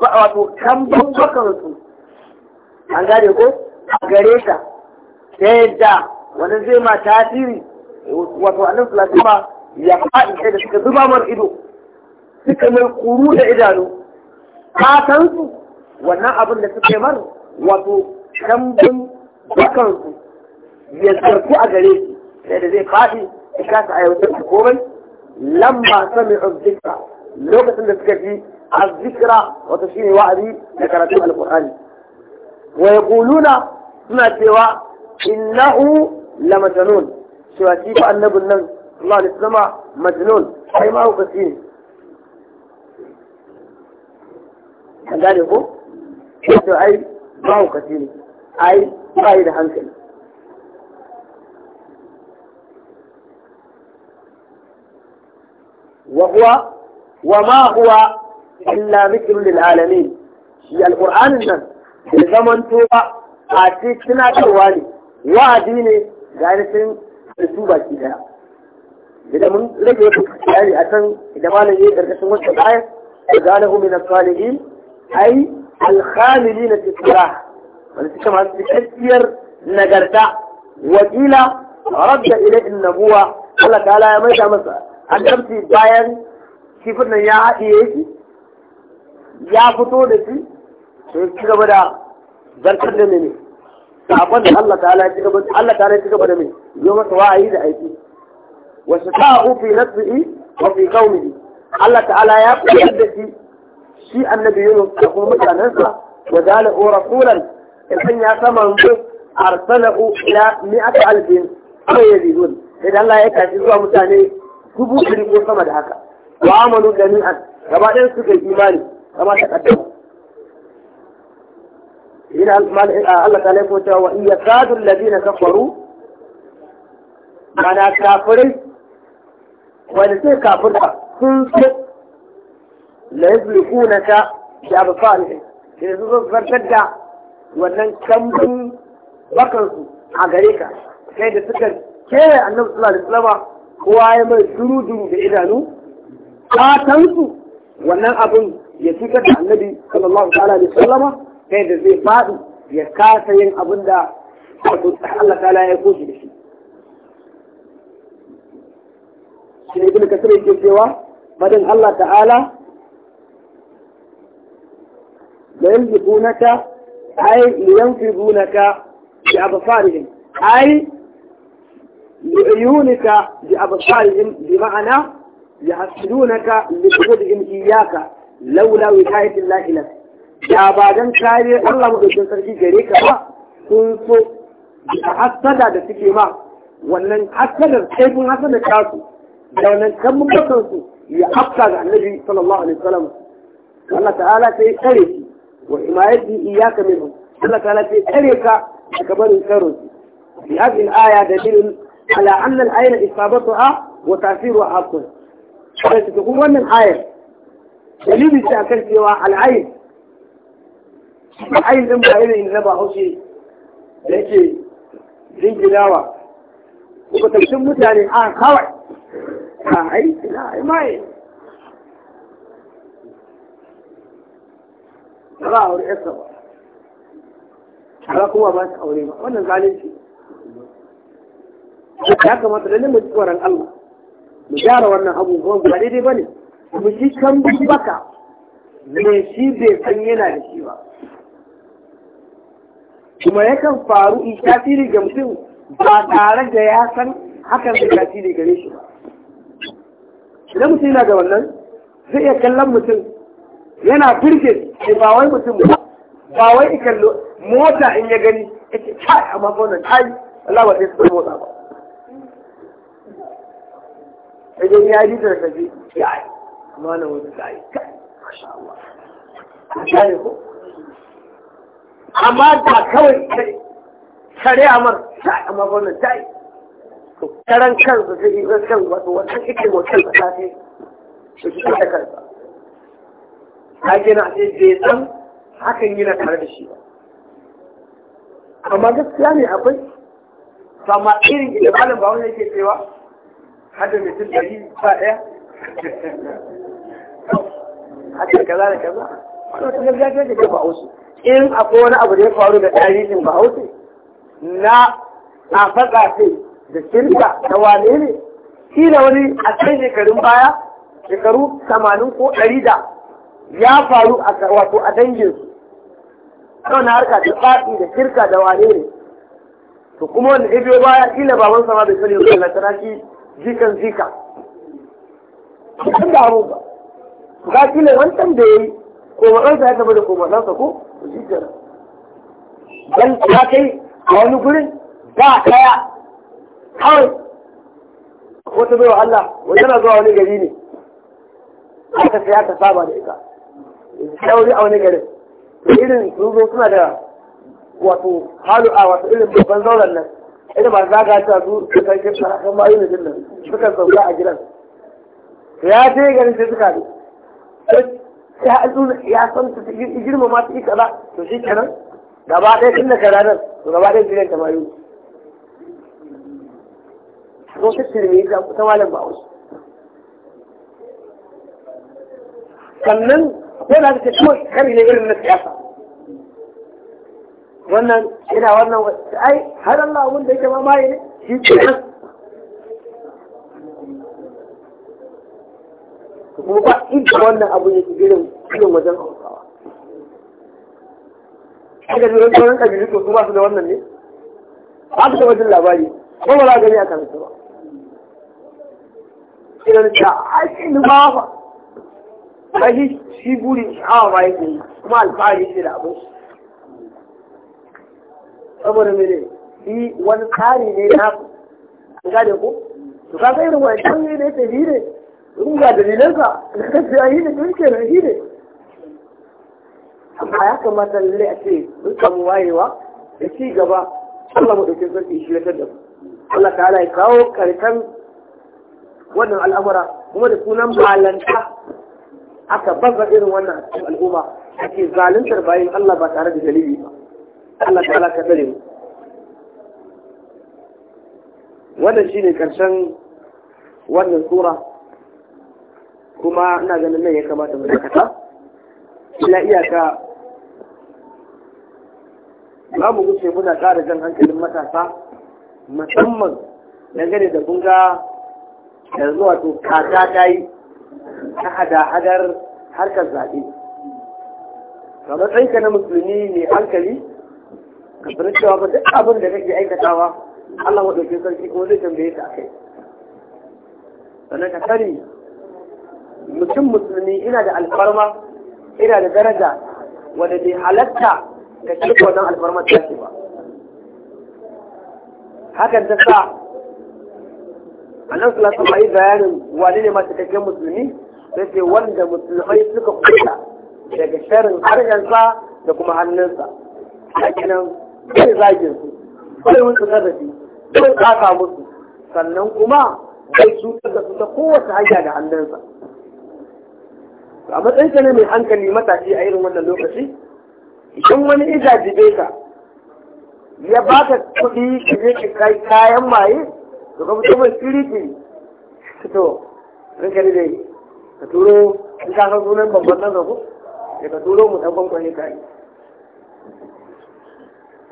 wato kamban bakansu an gane ko a gare ta ta yadda wani zai ma tasiri wato annabi sallallahu alaihi wasallam ya faɗi sai da suka zuba mar ido suka mai kuru da idanu fatansu wannan abin da suka yi mar wato kambin bakansu ya zarfi a gare shi sai da zai fadi ya kasa a yautar da komai lamba sami zikra lokacin da suka fi azzikra wato shine wa'azi da karatun alkur'ani wa yaquluna suna cewa innahu la majnun cewa shi fa annabin nan Allah ne sama majnun kai ma hukaci ne an gane ko wato ai ba ku ne ai ba da hankali wa kuwa wa ma kuwa illa mikirun lil alami shi al nan da zaman tuba a cikin tunatarwa ne wa'adi ne ga nufin su baki daya da mun rage wata kasiyari a can idan malam ya yi ƙarƙashin wata baya ga min أي الخاملين في الصلاح ونستكلم عن تكثير نقرتا وقيل رد إليه النبوة قال لك على ما يجعل مثلا أجمتي باين كيف أن يا إيه يا فتو نسي ويكتك بدا ذكر لنني تعبان الله تعالى يكتك بدا الله تعالى يكتك بدا من يوم سواهي ذا أيتي وشتاعه في نفسه وفي قومه الله تعالى يكتك بدا shi annabi yunus da kuma mutanensa wa jala o rasulan ya sanya sama mu arsalahu ila mi'at alfin aw yazidun idan Allah ya kashi zuwa mutane dubu ɗari ko sama da haka wa amanu jami'an gaba ɗaya suka yi imani kama ta kaddama ina Allah ta laifin cewa wa iya sadun ladina kafaru mana kafirai wanda sai kafirka sun la yuzliqunaka bi absarihim sai su zo zartar da wannan kambun bakansu a gare ka sai da suka kere annabi sallallahu alaihi wasallam kowa ya mai duru da idanu fatansu wannan abin ya fitar da annabi sallallahu alaihi wasallam sai da zai faɗi ya kasa yin abin da Allah ta'ala ya koshi da shi shi ne kuma kasir yake cewa fadin Allah ta'ala da yalzibunaka ai liyanfidunaka bi absarihim ai لعيونك بأبصارهم بمعنى يحسدونك لبغضهم إياك لولا وكاية الله لك يا بعدن كاري sarki مغدن سرقي جريك ما كنتو حسدا da suke ma wannan hasadar kaifin hasadar kasu, da wannan kammukan su ya afka ga annabi sallallahu alaihi wasallam Allah ta'ala sai kare shi wa himayati iyyaka minhu Allah ta'ala ce tsare ka daga barin karo bi hadhihi al-aya dalilun ala anna al-ayna isabatuha wa tasiruha haqqun sai ta kuma wannan ayar dalilin ta akan cewa al-ayn al-ayn din ba irin raba haushi da yake jingirawa ko tafsir mutane a ah, kawai a ah, ai ina ai mai ba za a aure yarsa ba ba kuma ba ta aure ba wannan zalunci ya kamata da mu tsoron Allah mu gyara wannan abubuwan ba daidai ba ne mu shi kan baka me shi bai san yana da shi ba kuma yakan faru in tasiri ga mutum ba tare da ya san hakan zai tasiri gare shi ba idan mutum yana da wannan zai iya kallon mutum yana birge ke ba wai mutum ba bawai wai mota in ya gani ce, kai amma wannan kai Allah ba sai su motsa ba idan ya yi da ya yi. amma na wani kai yi kai ko amma da kawai kare amar kai amma wannan kai karan kansa ta yi kansa wato wannan ike motar da ta kai su ji da kage na ce bai hakan hakan yana tare da shi ba amma gaskiya ne akwai sama irin da malam ba wani yake cewa hada mai tun ɗari ba ɗaya haka kaza da kaza wani wata gargajiya ce ta ba'ausu in akwai wani abu da ya faru da tarihin ba'ausu na a faɗa sai da shirka da wane ne shi da wani a kai shekarun baya shekaru sama'nin ko ɗari da ya faru a wato a dangin su na harka da tsafi da shirka da wane ne to kuma wanda ya biyo baya kila baban sama bai sani ba na tana zikan zika kan da abu ba to ka kila wancan da yayi ko matsansa ya tafi da ko matsansa ko shi dan ta kai a wani gurin ba kaya kawai wata bai wa Allah wajen zuwa wani gari ne aka sai aka saba da ita shauri a wani garin irin sun suna da wato halu a wato irin babban zauren nan ina ba za ka ta su da sarkin sarafin mayu da jinnan suka zauka a gidan ya je garin sai suka ne ya ya san su girma ma su yi kaza to shi kenan gaba ɗaya tun da kaza to gaba ɗaya gidan ta mayu ko ta tirmi ta malam ba wasu sannan yana da kuma kari ne irin na siyasa wannan ina wannan wasu ai har Allah abin da yake mamaye ne shi ke kuma ba inda wannan abu ne girin gidan wajen hausawa aka jiran sauran ƙabilu to su ba su da wannan ne ba su da wajen labari ko ba za a gani a kan su ba irin da ake ba ai shi buri awa ba yake kuma alfahari shi da abin shi saboda mene shi wani tsari ne na an gane ko to ka sai ruwa wani ne ne tafi ne in ga sa na kasa yi ne tun ke rahi ne amma ya kamata lalle a ce mun samu wayewa da ci gaba Allah madaukin sarki shi ya tada Allah ta'ala ya kawo karkan wannan al'amura kuma da sunan malanta aka baza irin wannan a cikin al'umma ake zaluntar bayan Allah ba tare da dalili ba Allah ta ka dare mu wannan shine karshen wannan sura kuma ina ganin nan ya kamata mu dakata ila iyaka za mu wuce muna ƙara jan hankalin matasa musamman dangane da kunga yanzu wato kata ta yi na hada-hadar harkar zaɓe ga matsayinka na musulmi mai hankali ka sanar cewa ba duk abin da kake aikatawa Allah ɗauke sarki kuma zai tambaye ka kai sannan ka sani mutum musulmi ina da alfarma ina da daraja wadda bai halatta ka ce wannan alfarma ta ce ba hakan ta sa annan sulasa mai bayanin wani ne masu cikakken musulmi sai wanda musulmai suka kuta daga sharin harshensa da kuma hannunsa ginin zai zagin su bai musu zarafi zai tsaka musu sannan kuma zai cutar da su ta kowace hanya da hannunsa a matsayinka ne mai hankali matashi a irin wannan lokaci idan wani ijajibe ka ya baka kuɗi ka je ka kai kayan maye to ka fito mai siriki to ne ka turo in ka san sunan babban nan zago da ka turo mu dan kwankwane ka yi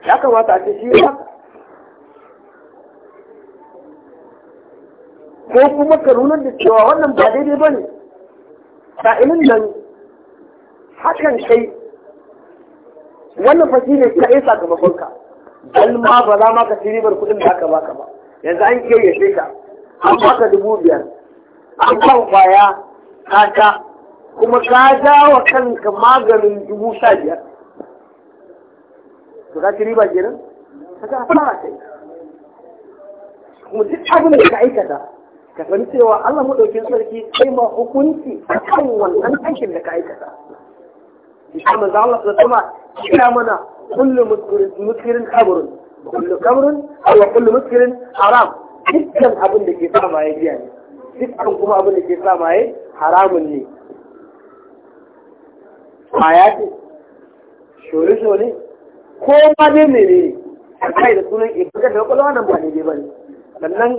ya kamata a ce shi haka ko kuma ka nunar da cewa wannan ba daidai ba ne sa'ilin nan hakan kai wannan fa shine kaɗai sakamakonka dan ma ba za ma ka ci ribar kuɗin da aka baka ba yanzu an kiyaye ka an baka dubu biyar an kan kwaya kaka kuma ka ja wa kanka maganin dubu sha biyar to za ki riba ke nan? ka ga asara kai kuma duk abin da ka aikata ka san cewa Allah maɗauki sarki kai ma hukunci kan wannan aikin da ka aikata shi manzo Allah ta zama kira mana kullu muskirin kabrun kullu kabrun aw kullu muskirin haram dukkan abin da ke sa maye biya ne dukkan kuma abin da ke sa maye haramun ne kwaya ce shore-shore ko ma ne ne ne a kai da sunan ibada da kwakwalwa nan ba ne ba ne sannan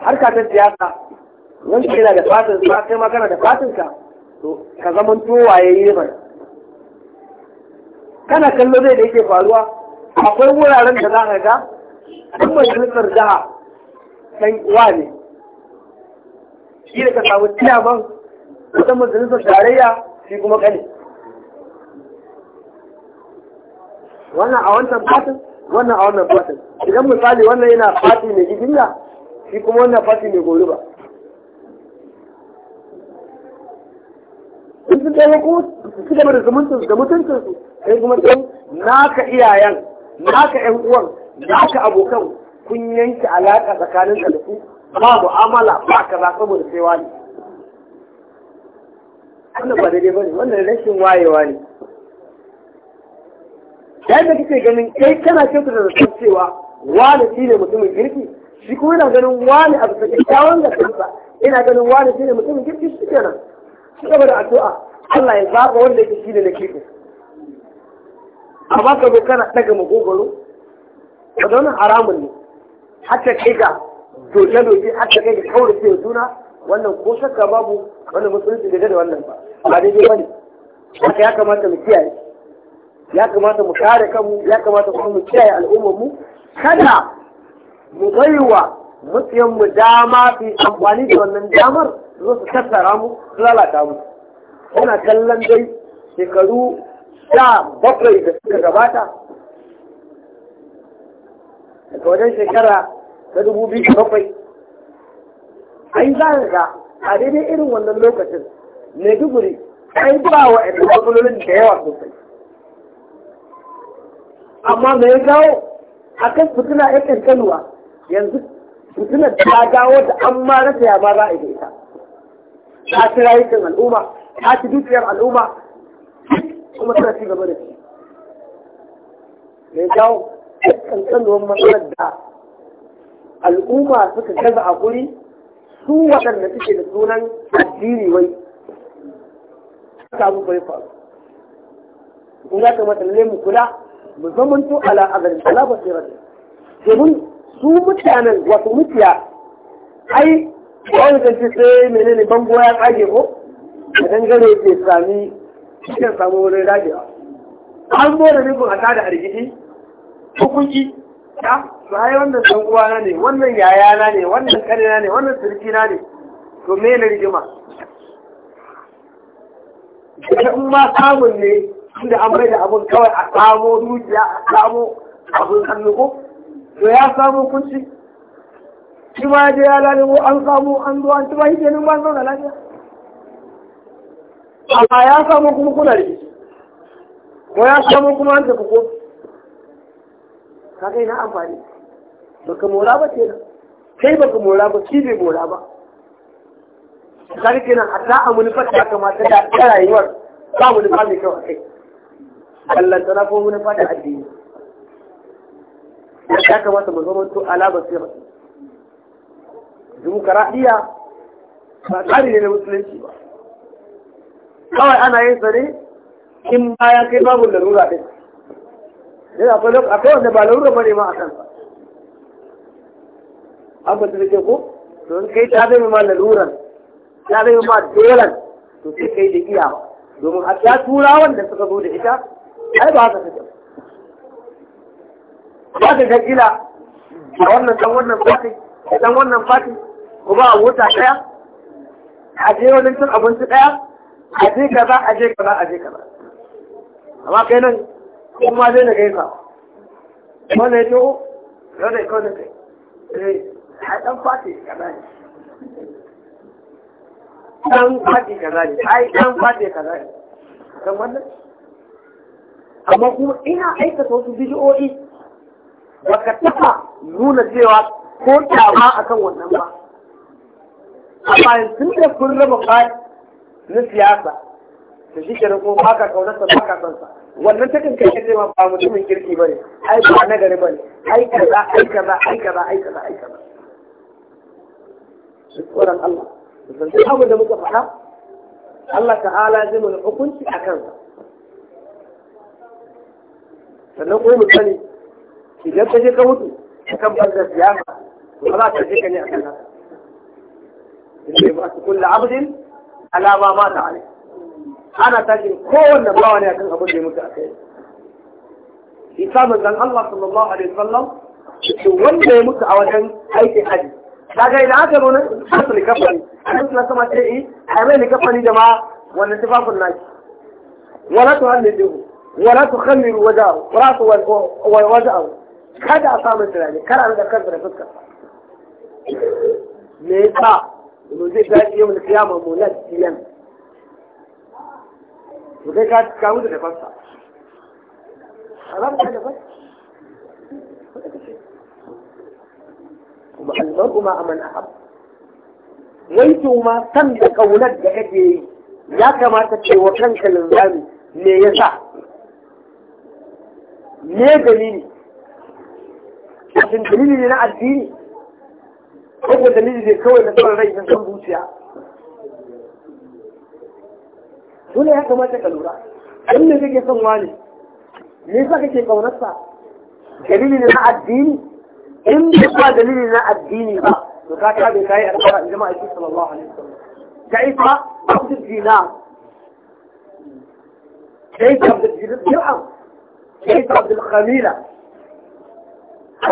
harka ta siyasa wanda yana da fatin sa kai ma kana da fatin ka to ka zaman ya yi mana kana kallo zai da yake faruwa akwai wuraren da za ka ga shi majalisar da ɗan uwa ne shi da ka samu musamman wata majalisar tarayya shi kuma kane wannan a wancan fatin wannan a wannan fatin idan misali wannan yana fati mai gidilla shi kuma wannan fati mai gori ba in sun ɗaya ko su gaba da zumuncin da mutuncinsu sai kuma ɗan naka iyayen naka ƴan uwan naka abokan kun yanke alaƙa tsakanin da su babu amala ba ka za saboda sai wani wannan ba daidai ba ne wannan rashin wayewa ne yayin da kake ganin kai kana kyautar da san cewa wani shi ne mutumin girki shi kuma yana ganin wani a bisa kyakkyawan da kansa ina ganin wani shi ne mutumin girki shi kenan shi gaba da addu'a Allah ya zaɓa wanda yake shi ne na kirkin amma ka zo kana ɗaga makogwaro ka zauna haramun ne hatta kai ga to ta doki aka kai da kaura ce juna wannan ko shakka babu wannan musulunci daga da wannan ba ba daidai bane haka ya kamata mu kiyaye ya kamata mu kare kanmu ya kamata kuma mu kiyaye al'ummar mu kada mu baiwa mutiyan mu dama fi amfani da wannan damar zo su tattara mu su lalata mu Kuna kallon dai shekaru sha bakwai da suka gabata daga wajen shekara ta dubu biyu da bakwai ai za ga a daidai irin wannan lokacin maiduguri ai ba wa ɗan matsalolin da yawa sosai amma mai gawo a kan fituna ya kankanuwa yanzu fitunar ta gawo da an ma rasa ya ma za a ita ta ci rayukan al'umma ta ci dukiyar al'umma kuma tana ci gaba da shi mai gawo kankanuwan matsalar da al'umma suka gaza a guri su waɗanda suke da sunan addini wai haka abu bai faru kun ga kamar lalle mu kula mu zamanto ala azalin ala basirati domin su mutanen wasu mutiya ai wani kan ce sai menene bango ya kage ko a dangare ke sami cikin samu wurin ragewa an zo da nufin a tada a rigidi hukunci ta su ai wannan dan uwana ne wannan yayana ne wannan kanina ne wannan surkina ne to me ne rigima da in ma samun ne inda an bai da abun kawai a samo dukiya a samo abun hannu ko to ya samo kunci shi ma je ya lalago an samo an zo an ci ba shi kenan ba lafiya amma ya samo kuma kuna rikici ko ya samo kuma an tafi kotu kai na amfani baka mora ba kenan kai baka mora ba shi bai mora ba kaga kenan hatta a fata ya kamata da ta rayuwar ba munufa mai kyau a kai Allah tana ko munufa fata addini ya kamata mu zama to ala basira dimokuraɗiyya ba tsari ne na musulunci ba kawai ana yin sa ne in baya kai babu larura ɗin yana akwai wanda ba larura bane ma a kansa an ba su ko in kai ta zai ma laluran ta zai ma dolan to sai kai da iya domin a ta turawan da suka zo da ita ai ba haka suke ba ka ga kila a wannan dan wannan fati dan wannan fati ko ba wuta daya a je wani cin abinci daya a je kaza a je kaza a je kaza amma kai nan kuma zai na gaisa wanda ya ce o yau da kawai da kai eh, a ɗan fati kaza ne ɗan fati kaza ne ai ɗan fati kaza ne kan wannan amma kuma ina aikata wasu bidiyoyi ba ka taɓa nuna cewa ko kyama a kan wannan ba amma yanzu da kun raba bayan na siyasa to shi kenan kuma baka kaunarsa baka son sa wannan takan kai kace ma ba mutumin kirki bane ai ba na gari bane ai kaza ai kaza ai kaza ai kaza ai kaza shukran Allah san duk abin da muka faɗa Allah ta'ala zai mu hukunci akan sa sannan kuma mu sani idan ka je ka mutu kan banza siyasa ba za ka je ka ne akan haka. Inda ba su kulla abdin alama ma ta alai. ana tashin kowanne bawa ne akan abin da ya mutu a kai isa manzon Allah sallallahu alaihi wasallam shi wanda ya mutu a wajen aikin haji kaga idan aka nuna asali kafani annabi sallallahu alaihi wasallam ce eh ai mai kafani da ma wannan tufafin naki wala tuhallidu wala tukhammiru wajahu rasu wa wajahu kada a samu tunani kada a rika kansa da fuskar me yasa mu zai dace yau da kiyama mu lafiyan to kai ka ka wuce da fassa haram ka da fassa kuma almar'u ma aman ahab wankin ma san da kaunar da kake yi ya kamata ce wa kanka linzami me yasa me dalili shin dalili ne na addini ko dalili ne kawai na son rai na son zuciya dole ya kamata ka lura dan me kake son wani me yasa kake kaunarsa dalili ne na addini in ba dalili na addini ba to ka ka bai kai alƙara in jama'a shi sallallahu alaihi wasallam كيف عبد الدينار كيف عبد الدرهم كيف عبد الخميلة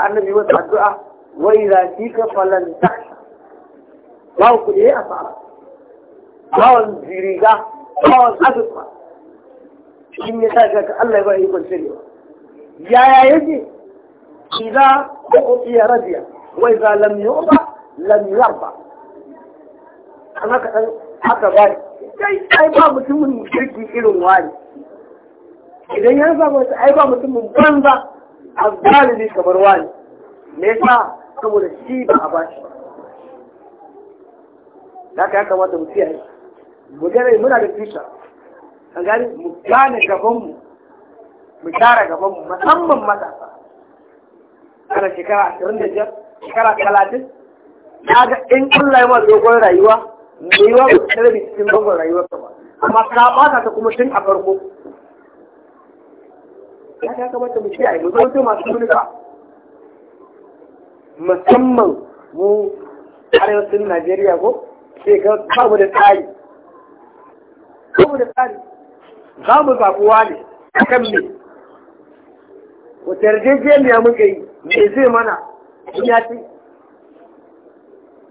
النبي وسع الدعاء وإذا فيك فلن تخشى ما هو كل إيه أصعب ما هو الزريقة bawan azurfa in ya sa ka Allah ya ba ikon cirewa yaya yake idza uqiya radiya wa idza lam yu'ta lam yarda amma ka dan haka ba kai ai ba mutumin kirki irin wani idan ya samu wata ai ba mutumin banza a zalimi kamar wani me yasa saboda shi ba a bashi ba haka ya kamata mu kiyaye mu gane muna da fisha a gane mu gane gabanmu mu gyara gabanmu musamman matasa ana shekara ashirin da biyar shekara talatin na ga in Allah yi ma dogon rayuwa rayuwa ba ta da cikin dogon ta ba amma ka bata ta kuma tun a farko ya ta kamata mu kiyaye mu zama masu tunuka musamman mu arewacin Najeriya ko sai ga babu da tsari saboda tsari za mu zaɓuwa ne a kan me wata yarjejeniya muka yi me zai mana ya ce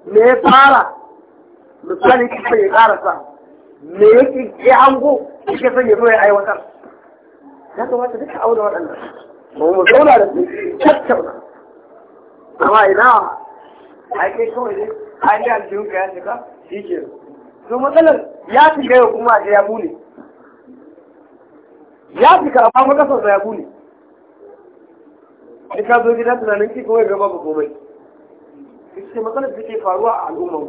me ya fara misali kisa ya karasa. me yake ya hango kike son ya zo ya aiwatar ya kamata duka auna waɗannan ba mu zauna da su tattauna amma ina a kai kawai ne an yi aljihun ka ya shiga shi ke su matsalar ya shiga wa kuma ya bune ya shiga amma makasar ya bune in ka zo gida tunanin ki kawai gaba ba komai ce matsalar da ke faruwa a al'ummar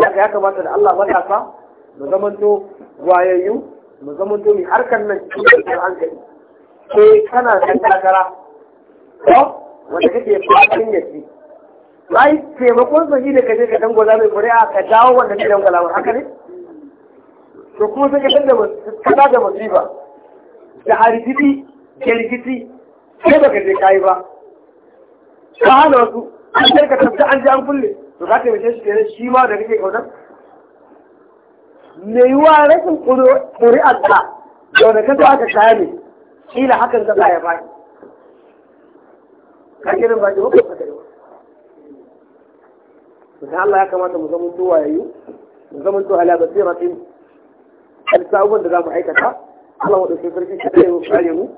ya ya kamata da Allah sa mu zamanto wayayyu mu to mai harkar nan cikin hankali ke eh, kana da takara ko wanda kake fatan ya ci bai taimakon sahi da kaje ka dangwala mai kuri'a ka dawo wanda ke dangwala haka ne to kuma sai ka san da kaza da masifa da hargitsi da rikici sai baka je kayi ba ka hana wasu an ka tafi an ji an kulle to ka taimake shi kenan shi ma da kake kaunar mai yiwuwa rashin ta da wanda ka zo aka kaya ne kila hakan ka ya baki ka kirin baki ko ka kare ba to Allah ya kamata mu zama duwaye mu zama duwa ala basiratin halitta abubuwan da za mu aikata Allah wa ɗauke sarki shi ɗaya ya kare mu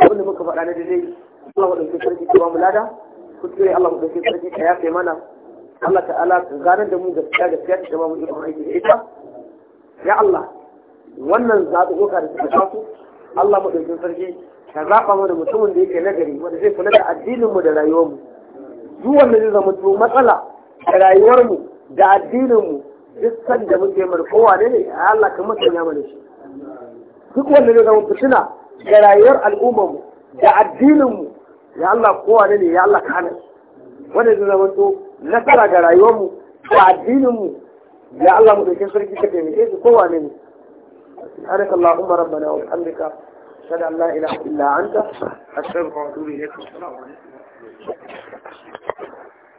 abin da muka faɗa na daidai Allah wa ɗauke sarki ka ba mu lada Allah wa ɗauke sarki ka yafe mana Allah ta'ala ka ganar da mu gaskiya gaskiya ta ba mu ikon aiki da ita ya Allah wannan zaɓuɓɓuka da suka taso Allah mu ɗauke sarki ka zaɓa mana mutumin da yake nagari wanda zai kula da addininmu da rayuwarmu duk wanda zai zama matsala da rayuwarmu da addininmu duk san da muke mana kowa ne Allah ka ya mana shi duk wanda ne zama fitina ga rayuwar al'ummar mu da addinin mu ya Allah kowa ne ya Allah ka hana wanda zai zama to nasara ga rayuwar mu da addinin mu ya Allah mu dauke sarki ka taimake su kowa ne ne سبحانك اللهم ربنا وبحمدك أشهد أن لا إله إلا أنت أستغفرك وأتوب إليك السلام عليكم